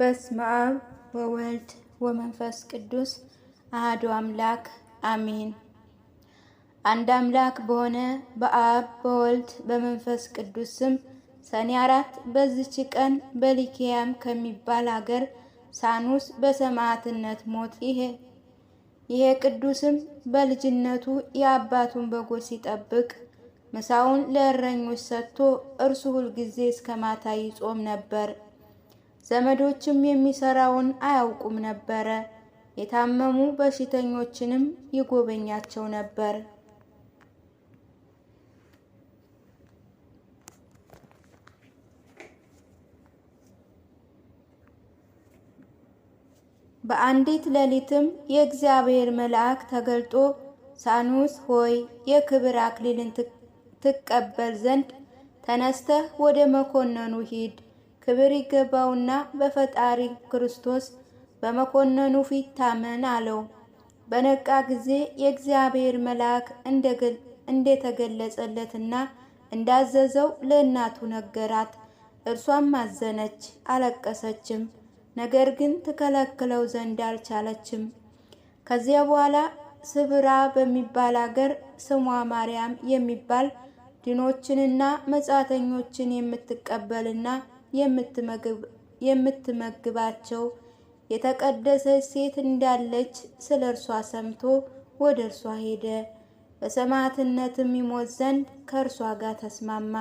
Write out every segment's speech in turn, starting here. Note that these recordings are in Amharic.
በስመ አብ ወወልድ ወመንፈስ ቅዱስ አሐዱ አምላክ አሜን። አንድ አምላክ በሆነ በአብ በወልድ በመንፈስ ቅዱስ ስም ሰኔ አራት በዚች ቀን በሊኪያም ከሚባል አገር ሳኑስ በሰማዕትነት ሞት። ይሄ ይሄ ቅዱስም በልጅነቱ የአባቱን በጎች ሲጠብቅ ምሳውን ለእረኞች ሰጥቶ እርሱ ሁልጊዜ እስከ ማታ ይጾም ነበር። ዘመዶችም የሚሰራውን አያውቁም ነበረ። የታመሙ በሽተኞችንም ይጎበኛቸው ነበር። በአንዲት ሌሊትም የእግዚአብሔር መልአክ ተገልጦ ሳኑስ ሆይ የክብር አክሊልን ትቀበል ዘንድ ተነስተህ ወደ መኮንኑ ሂድ ክብር ይገባውና በፈጣሪ ክርስቶስ በመኮንኑ ፊት ታመን አለው። በነቃ ጊዜ የእግዚአብሔር መልአክ እንደተገለጸለትና እንዳዘዘው ለእናቱ ነገራት። እርሷም አዘነች፣ አለቀሰችም። ነገር ግን ትከለክለው ዘንድ አልቻለችም። ከዚያ በኋላ ስብራ በሚባል አገር ስሟ ማርያም የሚባል ድኖችንና መጻተኞችን የምትቀበልና የምትመግባቸው የተቀደሰች ሴት እንዳለች ስለ እርሷ ሰምቶ ወደ እርሷ ሄደ። በሰማዕትነትም ይሞት ዘንድ ከእርሷ ጋር ተስማማ።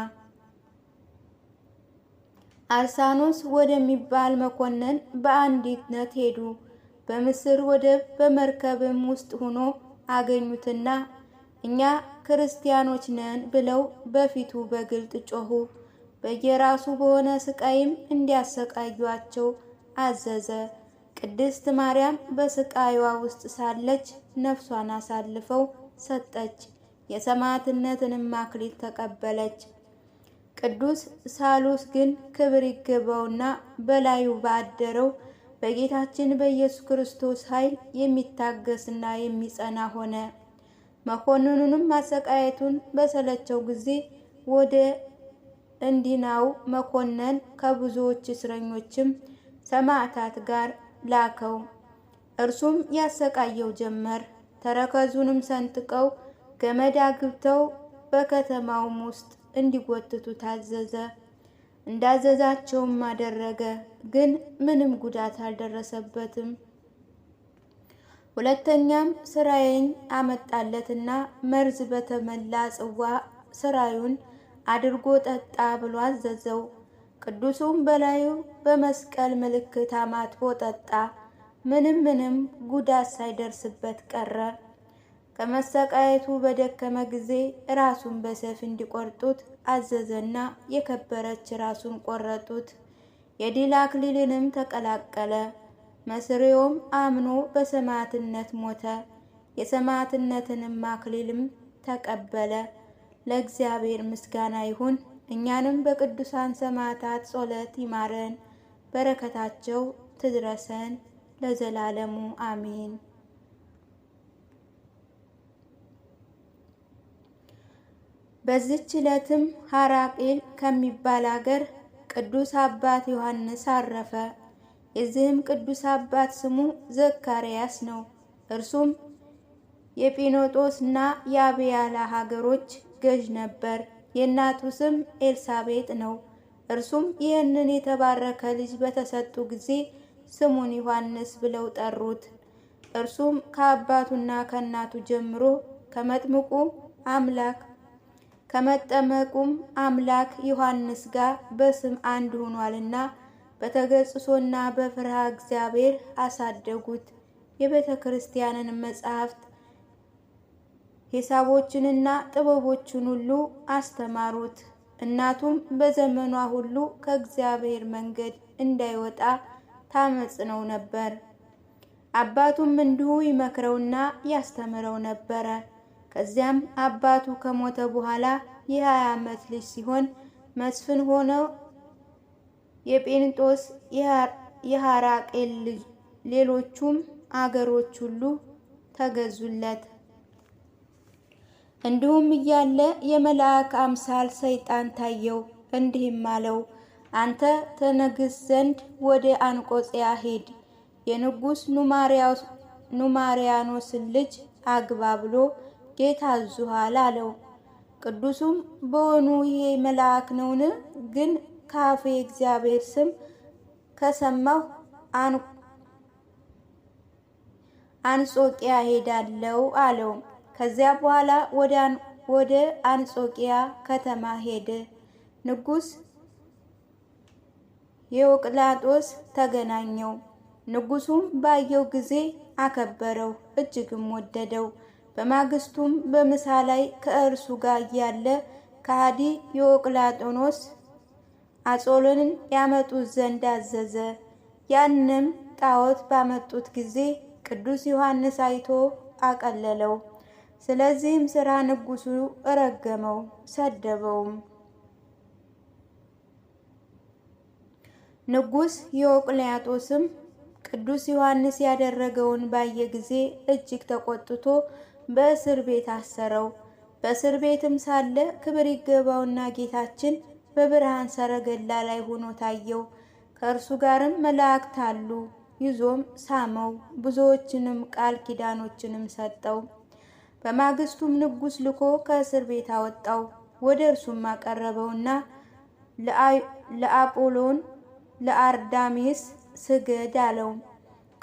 አርሳኖስ ወደሚባል መኮንን በአንዲትነት ሄዱ። በምስር ወደብ በመርከብም ውስጥ ሆኖ አገኙትና እኛ ክርስቲያኖች ነን ብለው በፊቱ በግልጥ ጮኹ። በየራሱ በሆነ ስቃይም እንዲያሰቃዩቸው አዘዘ። ቅድስት ማርያም በስቃይዋ ውስጥ ሳለች ነፍሷን አሳልፈው ሰጠች። የሰማዕትነትንም አክሊል ተቀበለች። ቅዱስ ሳሉስ ግን ክብር ይገባውና በላዩ ባደረው በጌታችን በኢየሱስ ክርስቶስ ኃይል የሚታገስና የሚጸና ሆነ። መኮንኑንም ማሰቃየቱን በሰለቸው ጊዜ ወደ እንዲናው መኮንን ከብዙዎች እስረኞችም ሰማዕታት ጋር ላከው። እርሱም ያሰቃየው ጀመር። ተረከዙንም ሰንጥቀው ገመድ አግብተው በከተማውም ውስጥ እንዲጎትቱ ታዘዘ። እንዳዘዛቸውም አደረገ፣ ግን ምንም ጉዳት አልደረሰበትም። ሁለተኛም ስራዬን አመጣለትና መርዝ በተመላ ጽዋ ስራዩን አድርጎ ጠጣ ብሎ አዘዘው። ቅዱሱም በላዩ በመስቀል ምልክት አማትቦ ጠጣ። ምንም ምንም ጉዳት ሳይደርስበት ቀረ። ከመሰቃየቱ በደከመ ጊዜ ራሱን በሰፍ እንዲቆርጡት አዘዘና የከበረች ራሱን ቆረጡት። የድል አክሊልንም ተቀላቀለ። መስሪውም አምኖ በሰማዕትነት ሞተ። የሰማዕትነትንም አክሊልም ተቀበለ። ለእግዚአብሔር ምስጋና ይሁን። እኛንም በቅዱሳን ሰማዕታት ጸሎት ይማረን፣ በረከታቸው ትድረሰን ለዘላለሙ አሜን። በዚች ዕለትም ሐራቅል ከሚባል አገር ቅዱስ አባት ዮሐንስ አረፈ። የዚህም ቅዱስ አባት ስሙ ዘካርያስ ነው። እርሱም የጲኖጦስ እና የአብያላ ሀገሮች ገዥ ነበር። የእናቱ ስም ኤልሳቤጥ ነው። እርሱም ይህንን የተባረከ ልጅ በተሰጡ ጊዜ ስሙን ዮሐንስ ብለው ጠሩት። እርሱም ከአባቱና ከእናቱ ጀምሮ ከመጥምቁ አምላክ ከመጠመቁም አምላክ ዮሐንስ ጋር በስም አንድ ሆኗልና በተገጽሶና በፍርሃ እግዚአብሔር አሳደጉት። የቤተ ክርስቲያንን መጻሕፍት ሂሳቦችንና ጥበቦችን ሁሉ አስተማሩት። እናቱም በዘመኗ ሁሉ ከእግዚአብሔር መንገድ እንዳይወጣ ታመጽነው ነበር። አባቱም እንዲሁ ይመክረውና ያስተምረው ነበረ። ከዚያም አባቱ ከሞተ በኋላ የሀያ ዓመት ልጅ ሲሆን መስፍን ሆነው የጴንጦስ የሐራቄል ልጅ ሌሎቹም አገሮች ሁሉ ተገዙለት። እንዲሁም እያለ የመልአክ አምሳል ሰይጣን ታየው፣ እንዲህም አለው አንተ ተነግስ ዘንድ ወደ አንቆጽያ ሂድ፣ የንጉሥ ኑማሪያኖስን ልጅ አግባ ብሎ ጌታ አዙኋል አለው። ቅዱሱም በሆኑ ይሄ መልአክ ነውን? ግን ካፌ እግዚአብሔር ስም ከሰማሁ አንጾቂያ ሄዳለው አለው። ከዚያ በኋላ ወደ አንጾቂያ ከተማ ሄደ። ንጉስ የወቅላጦስ ተገናኘው። ንጉሱም ባየው ጊዜ አከበረው፣ እጅግም ወደደው። በማግስቱም በምሳ ላይ ከእርሱ ጋር እያለ ከሃዲ የወቅላጦኖስ አጾሎንን ያመጡት ዘንድ አዘዘ። ያንም ጣዖት ባመጡት ጊዜ ቅዱስ ዮሐንስ አይቶ አቀለለው። ስለዚህም ስራ ንጉሱ ረገመው፣ ሰደበውም። ንጉስ የኦቅልያጦስም ቅዱስ ዮሐንስ ያደረገውን ባየ ጊዜ እጅግ ተቆጥቶ በእስር ቤት አሰረው። በእስር ቤትም ሳለ ክብር ይገባውና ጌታችን በብርሃን ሰረገላ ላይ ሆኖ ታየው። ከእርሱ ጋርም መላእክት አሉ። ይዞም ሳመው፣ ብዙዎችንም ቃል ኪዳኖችንም ሰጠው። በማግስቱም ንጉሥ ልኮ ከእስር ቤት አወጣው። ወደ እርሱም አቀረበውና ለአጶሎን ለአርዳሜስ ስገድ አለው።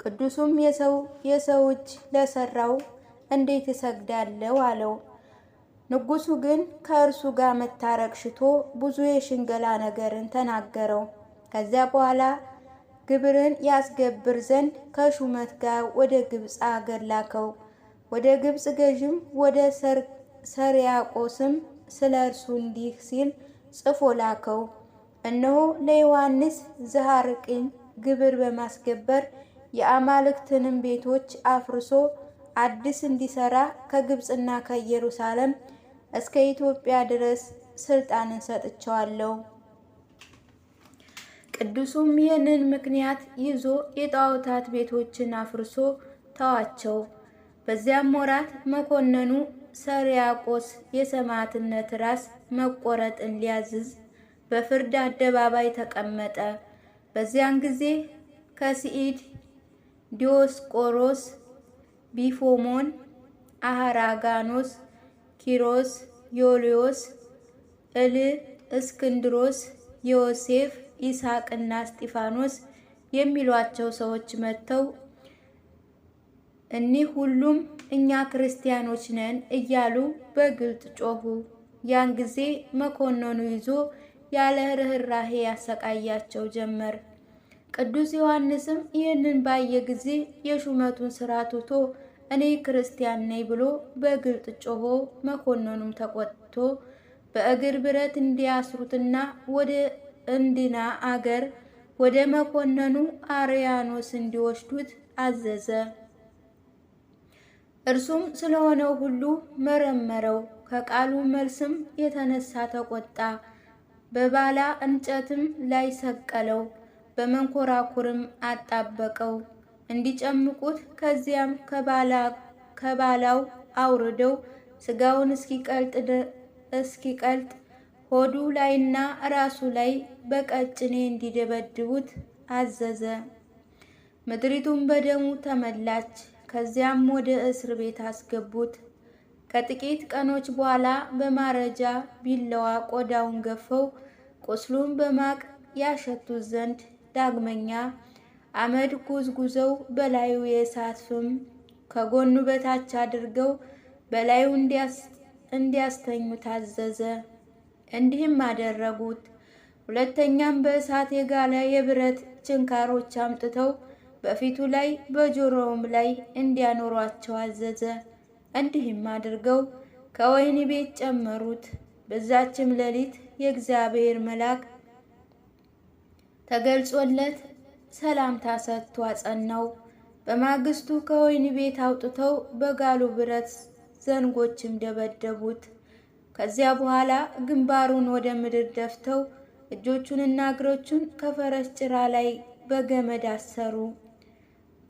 ቅዱሱም የሰው የሰው እጅ ለሰራው እንዴት እሰግዳለሁ አለው። ንጉሱ ግን ከእርሱ ጋር መታረቅ ሽቶ ብዙ የሽንገላ ነገርን ተናገረው። ከዚያ በኋላ ግብርን ያስገብር ዘንድ ከሹመት ጋር ወደ ግብፅ አገር ላከው። ወደ ግብፅ ገዥም ወደ ሰርያቆስም ስለ እርሱ እንዲህ ሲል ጽፎ ላከው። እነሆ ለዮሐንስ ዘሐርቂን ግብር በማስገበር የአማልክትንም ቤቶች አፍርሶ አዲስ እንዲሰራ ከግብፅና ከኢየሩሳሌም እስከ ኢትዮጵያ ድረስ ስልጣንን ሰጥቸዋለሁ። ቅዱሱም ይህንን ምክንያት ይዞ የጣዖታት ቤቶችን አፍርሶ ተዋቸው። በዚያም ወራት መኮንኑ ሰርያቆስ የሰማዕትነት ራስ መቆረጥን ሊያዝዝ በፍርድ አደባባይ ተቀመጠ። በዚያን ጊዜ ከሲኢድ ዲዮስቆሮስ፣ ቢፎሞን፣ አህራጋኖስ፣ ኪሮስ፣ ዮልዮስ፣ እል እስክንድሮስ፣ ዮሴፍ፣ ኢሳቅና እስጢፋኖስ የሚሏቸው ሰዎች መጥተው እኒህ ሁሉም እኛ ክርስቲያኖች ነን እያሉ በግልጽ ጮኹ። ያን ጊዜ መኮንኑ ይዞ ያለ ርኅራሄ ያሰቃያቸው ጀመር። ቅዱስ ዮሐንስም ይህንን ባየ ጊዜ የሹመቱን ሥራ ትቶ እኔ ክርስቲያን ነኝ ብሎ በግልጥ ጮሆ፣ መኮንኑም ተቆጥቶ በእግር ብረት እንዲያስሩትና ወደ እንዲና አገር ወደ መኮንኑ አርያኖስ እንዲወስዱት አዘዘ። እርሱም ስለሆነው ሁሉ መረመረው። ከቃሉ መልስም የተነሳ ተቆጣ። በባላ እንጨትም ላይ ሰቀለው፣ በመንኮራኩርም አጣበቀው እንዲጨምቁት። ከዚያም ከባላው አውርደው ስጋውን እስኪቀልጥ ሆዱ ላይና ራሱ ላይ በቀጭኔ እንዲደበድቡት አዘዘ። ምድሪቱም በደሙ ተመላች። ከዚያም ወደ እስር ቤት አስገቡት። ከጥቂት ቀኖች በኋላ በማረጃ ቢላዋ ቆዳውን ገፈው ቁስሉን በማቅ ያሸቱት ዘንድ ዳግመኛ አመድ ጉዝጉዘው በላዩ የእሳት ፍም ከጎኑ በታች አድርገው በላዩ እንዲያስተኙ ታዘዘ። እንዲህም አደረጉት። ሁለተኛም በእሳት የጋለ የብረት ችንካሮች አምጥተው በፊቱ ላይ በጆሮውም ላይ እንዲያኖሯቸው አዘዘ። እንዲህም አድርገው ከወህኒ ቤት ጨመሩት። በዛችም ሌሊት የእግዚአብሔር መልአክ ተገልጾለት ሰላምታ ሰጥቶ አጸናው። በማግስቱ ከወህኒ ቤት አውጥተው በጋሉ ብረት ዘንጎችም ደበደቡት። ከዚያ በኋላ ግንባሩን ወደ ምድር ደፍተው እጆቹንና እግሮቹን ከፈረስ ጭራ ላይ በገመድ አሰሩ።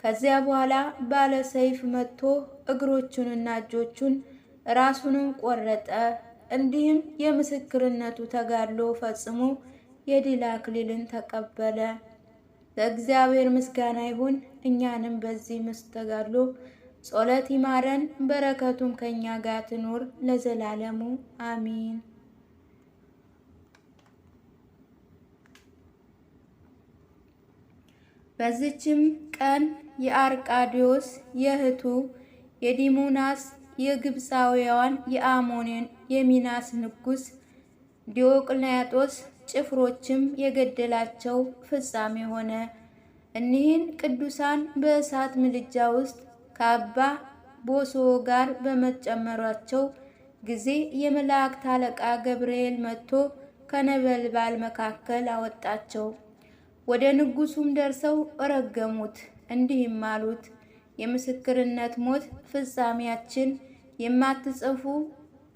ከዚያ በኋላ ባለ ሰይፍ መጥቶ እግሮቹንና እጆቹን ራሱንም ቆረጠ። እንዲህም የምስክርነቱ ተጋድሎ ፈጽሞ የድል አክሊልን ተቀበለ። ለእግዚአብሔር ምስጋና ይሁን። እኛንም በዚህ ተጋድሎ ጸሎት ይማረን፣ በረከቱም ከእኛ ጋር ትኖር ለዘላለሙ አሚን። በዚችም ቀን የአርቃዲዮስ፣ የእህቱ የዲሙናስ የግብፃውያን የአሞኔን የሚናስ ንጉስ ዲዮቅልያጦስ ጭፍሮችም የገደላቸው ፍጻሜ ሆነ። እኒህን ቅዱሳን በእሳት ምድጃ ውስጥ ከአባ ቦሶ ጋር በመጨመሯቸው ጊዜ የመላእክት አለቃ ገብርኤል መጥቶ ከነበልባል መካከል አወጣቸው። ወደ ንጉሱም ደርሰው ረገሙት። እንዲህም አሉት፣ የምስክርነት ሞት ፍጻሜያችን የማትጽፉ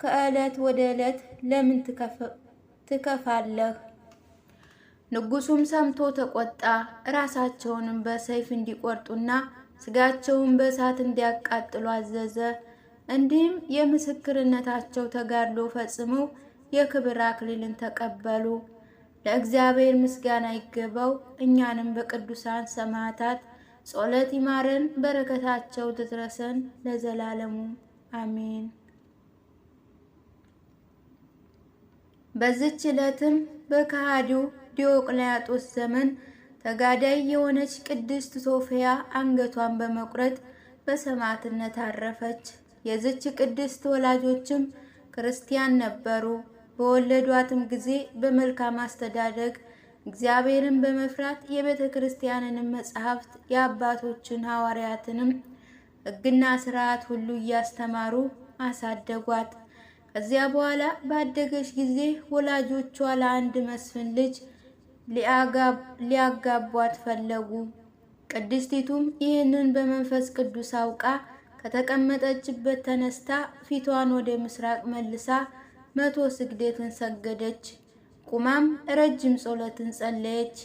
ከዕለት ወደ ዕለት ለምን ትከፋለህ? ንጉሱም ሰምቶ ተቆጣ። ራሳቸውንም በሰይፍ እንዲቆርጡና ስጋቸውን በእሳት እንዲያቃጥሉ አዘዘ። እንዲህም የምስክርነታቸው ተጋድሎ ፈጽመው የክብር አክሊልን ተቀበሉ። ለእግዚአብሔር ምስጋና ይገባው፣ እኛንም በቅዱሳን ሰማዕታት ጸሎት ይማረን፣ በረከታቸው ትድረሰን ለዘላለሙ አሜን። በዚች ዕለትም በከሃዲው ዲዮቅልያጦስ ዘመን ተጋዳይ የሆነች ቅድስት ሶፊያ አንገቷን በመቁረጥ በሰማዕትነት አረፈች። የዚች ቅድስት ወላጆችም ክርስቲያን ነበሩ። በወለዷትም ጊዜ በመልካም አስተዳደግ እግዚአብሔርን በመፍራት የቤተ ክርስቲያንንም መጽሐፍት የአባቶችን ሐዋርያትንም ሕግና ስርዓት ሁሉ እያስተማሩ አሳደጓት። ከዚያ በኋላ ባደገች ጊዜ ወላጆቿ ለአንድ መስፍን ልጅ ሊያጋቧት ፈለጉ። ቅድስቲቱም ይህንን በመንፈስ ቅዱስ አውቃ ከተቀመጠችበት ተነስታ ፊቷን ወደ ምስራቅ መልሳ መቶ ስግደትን ሰገደች። ቁማም ረጅም ጸሎትን ጸለየች።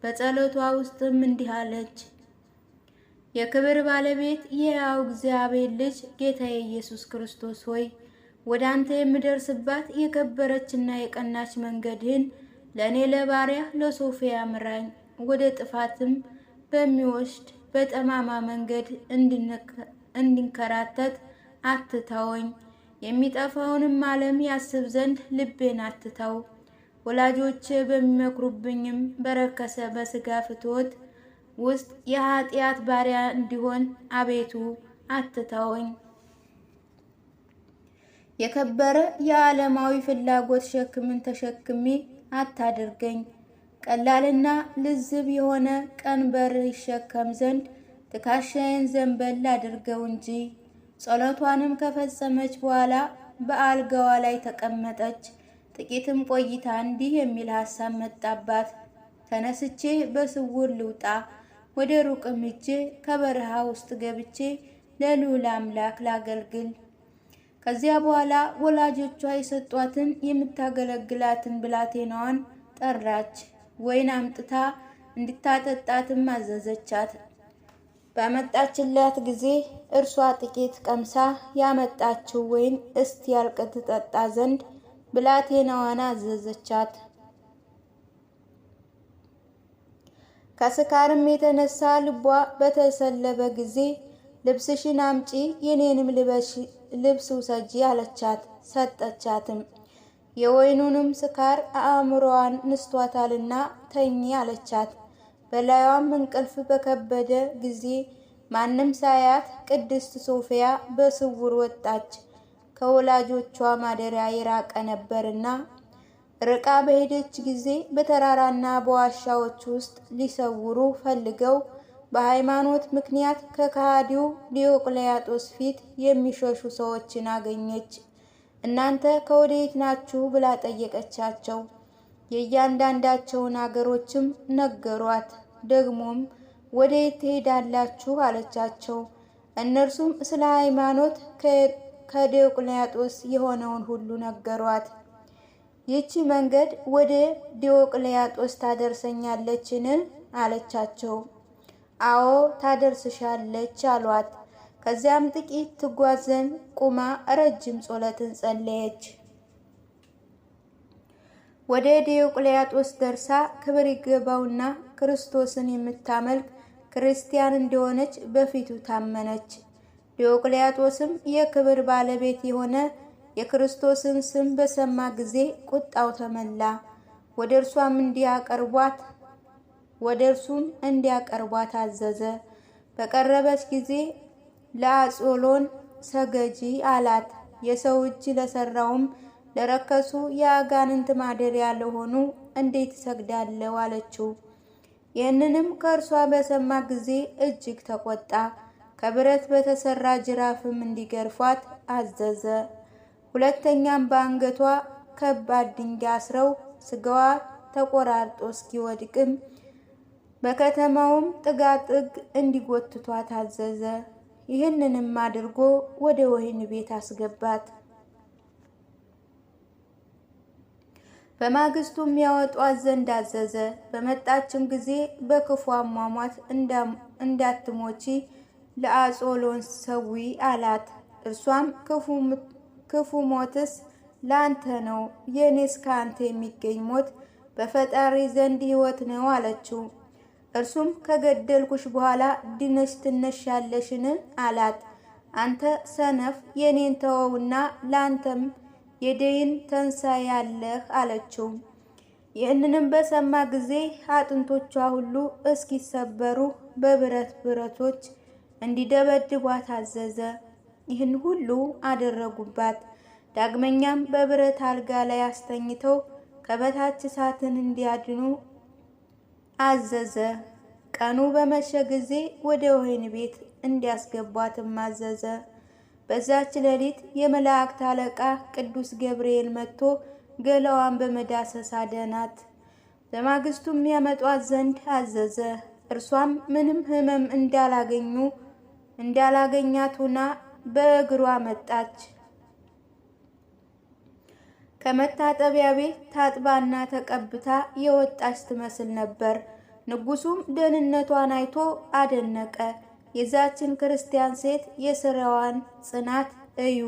በጸሎቷ ውስጥም እንዲህ አለች። የክብር ባለቤት የሕያው እግዚአብሔር ልጅ ጌታዬ ኢየሱስ ክርስቶስ ሆይ ወደ አንተ የምደርስባት የከበረችና የቀናች መንገድህን ለእኔ ለባሪያ ለሶፊያ ምራኝ። ወደ ጥፋትም በሚወስድ በጠማማ መንገድ እንድንከራተት አትተወኝ። የሚጠፋውንም ዓለም ያስብ ዘንድ ልቤን አትተው። ወላጆቼ በሚመክሩብኝም በረከሰ በስጋ ፍትወት ውስጥ የኃጢአት ባሪያ እንዲሆን አቤቱ አትተወኝ። የከበረ የዓለማዊ ፍላጎት ሸክምን ተሸክሜ አታድርገኝ። ቀላልና ልዝብ የሆነ ቀንበር ይሸከም ዘንድ ትካሻዬን ዘንበል አድርገው እንጂ። ጸሎቷንም ከፈጸመች በኋላ በአልጋዋ ላይ ተቀመጠች። ጥቂትም ቆይታ እንዲህ የሚል ሀሳብ መጣባት። ተነስቼ በስውር ልውጣ፣ ወደ ሩቅም ሄጄ ከበረሃ ውስጥ ገብቼ ለልዑል አምላክ ላገልግል። ከዚያ በኋላ ወላጆቿ የሰጧትን የምታገለግላትን ብላቴናዋን ጠራች። ወይን አምጥታ እንድታጠጣትም አዘዘቻት። በመጣችላት ጊዜ እርሷ ጥቂት ቀምሳ ያመጣችው ወይን ያልቅ ትጠጣ ዘንድ ብላቴናዋን አዘዘቻት። ከስካርም የተነሳ ልቧ በተሰለበ ጊዜ ልብስሽን አምጪ፣ የኔንም ልብስ ውሰጂ አለቻት። ሰጠቻትም። የወይኑንም ስካር አእምሮዋን ንስቷታልና ተኚ አለቻት። በላዩም እንቅልፍ በከበደ ጊዜ ማንም ሳያት ቅድስት ሶፊያ በስውር ወጣች። ከወላጆቿ ማደሪያ የራቀ ነበርና ርቃ በሄደች ጊዜ በተራራና በዋሻዎች ውስጥ ሊሰውሩ ፈልገው በሃይማኖት ምክንያት ከካሃዲው ዲዮቅልያጦስ ፊት የሚሸሹ ሰዎችን አገኘች። እናንተ ከወዴት ናችሁ ብላ ጠየቀቻቸው። የእያንዳንዳቸውን አገሮችም ነገሯት። ደግሞም ወደ ትሄዳላችሁ አለቻቸው። እነርሱም ስለ ሃይማኖት ከዲዮቅልያጦስ የሆነውን ሁሉ ነገሯት። ይህቺ መንገድ ወደ ዲዮቅልያጦስ ታደርሰኛለችን? አለቻቸው። አዎ ታደርስሻለች አሏት። ከዚያም ጥቂት ትጓዘን ቁማ ረጅም ጸሎትን ጸለየች። ወደ ዲዮቅልያጦስ ደርሳ ክብር ይገባውና ክርስቶስን የምታመልክ ክርስቲያን እንደሆነች በፊቱ ታመነች። ዲዮቅልያጦስም የክብር ባለቤት የሆነ የክርስቶስን ስም በሰማ ጊዜ ቁጣው ተመላ። ወደ እርሷም እንዲያቀርቧት ወደ እርሱም እንዲያቀርቧት አዘዘ። በቀረበች ጊዜ ለአጾሎን ሰገጂ አላት። የሰው እጅ ለሰራውም ለረከሱ የአጋንንት ማደሪያ ለሆኑ እንዴት እሰግዳለሁ አለችው። ይህንንም ከእርሷ በሰማ ጊዜ እጅግ ተቆጣ። ከብረት በተሰራ ጅራፍም እንዲገርፏት አዘዘ። ሁለተኛም በአንገቷ ከባድ ድንጋይ አስረው ስጋዋ ተቆራርጦ እስኪወድቅም በከተማውም ጥጋጥግ እንዲጎትቷት አዘዘ። ይህንንም አድርጎ ወደ ወህኒ ቤት አስገባት። በማግስቱም ያወጧት ዘንድ አዘዘ። በመጣችም ጊዜ በክፉ አሟሟት እንዳትሞቺ ለአጾሎን ሰዊ አላት። እርሷም ክፉ ሞትስ ላንተ ነው፣ የእኔስ ከአንተ የሚገኝ ሞት በፈጣሪ ዘንድ ሕይወት ነው አለችው። እርሱም ከገደልኩሽ በኋላ ድነሽ ትነሻለሽን? አላት። አንተ ሰነፍ የኔን ተወውና ለአንተም የደይን ተንሳያለህ አለችው። ይህንንም በሰማ ጊዜ አጥንቶቿ ሁሉ እስኪሰበሩ በብረት ብረቶች እንዲደበድቧት አዘዘ። ይህን ሁሉ አደረጉባት። ዳግመኛም በብረት አልጋ ላይ አስተኝተው ከበታች እሳትን እንዲያድኑ አዘዘ። ቀኑ በመሸ ጊዜ ወደ ወህኒ ቤት እንዲያስገቧትም አዘዘ። በዛች ሌሊት የመላእክት አለቃ ቅዱስ ገብርኤል መጥቶ ገላዋን በመዳሰስ አዳናት። በማግስቱም ያመጧት ዘንድ አዘዘ። እርሷም ምንም ሕመም እንዳላገኙ እንዳላገኛት ሆና በእግሯ መጣች። ከመታጠቢያ ቤት ታጥባና ተቀብታ የወጣች ትመስል ነበር። ንጉሱም ደህንነቷን አይቶ አደነቀ። የዛችን ክርስቲያን ሴት የስራዋን ጽናት እዩ።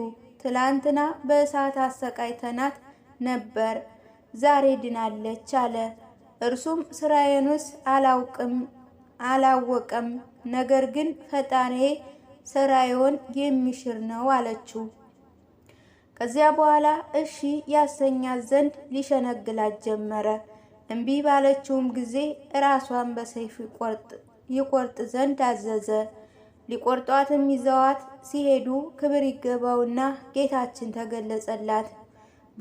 ትላንትና በእሳት አሰቃይተናት ነበር፣ ዛሬ ድናለች አለ። እርሱም ስራዬንስ አላውቅም አላወቀም። ነገር ግን ፈጣኔ ስራዬን የሚሽር ነው አለችው። ከዚያ በኋላ እሺ ያሰኛት ዘንድ ሊሸነግላት ጀመረ። እምቢ ባለችውም ጊዜ ራሷን በሰይፍ ይቆርጥ ዘንድ አዘዘ። ሊቆርጧትም ይዘዋት ሲሄዱ ክብር ይገባውና ጌታችን ተገለጸላት።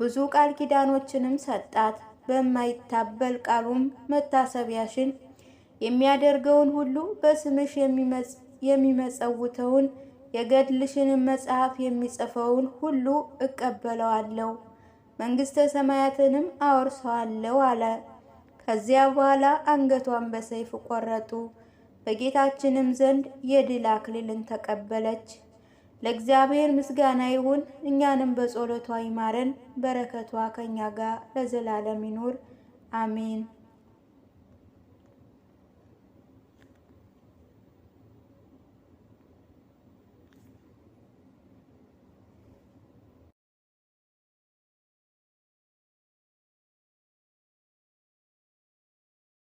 ብዙ ቃል ኪዳኖችንም ሰጣት። በማይታበል ቃሉም መታሰቢያሽን የሚያደርገውን ሁሉ በስምሽ የሚመጸውተውን የገድልሽን መጽሐፍ የሚጽፈውን ሁሉ እቀበለዋለሁ፣ መንግስተ ሰማያትንም አወርሰዋለሁ አለ። ከዚያ በኋላ አንገቷን በሰይፍ ቆረጡ። በጌታችንም ዘንድ የድል አክሊልን ተቀበለች። ለእግዚአብሔር ምስጋና ይሁን፣ እኛንም በጸሎቷ ይማረን፣ በረከቷ ከኛ ጋር ለዘላለም ይኑር አሜን።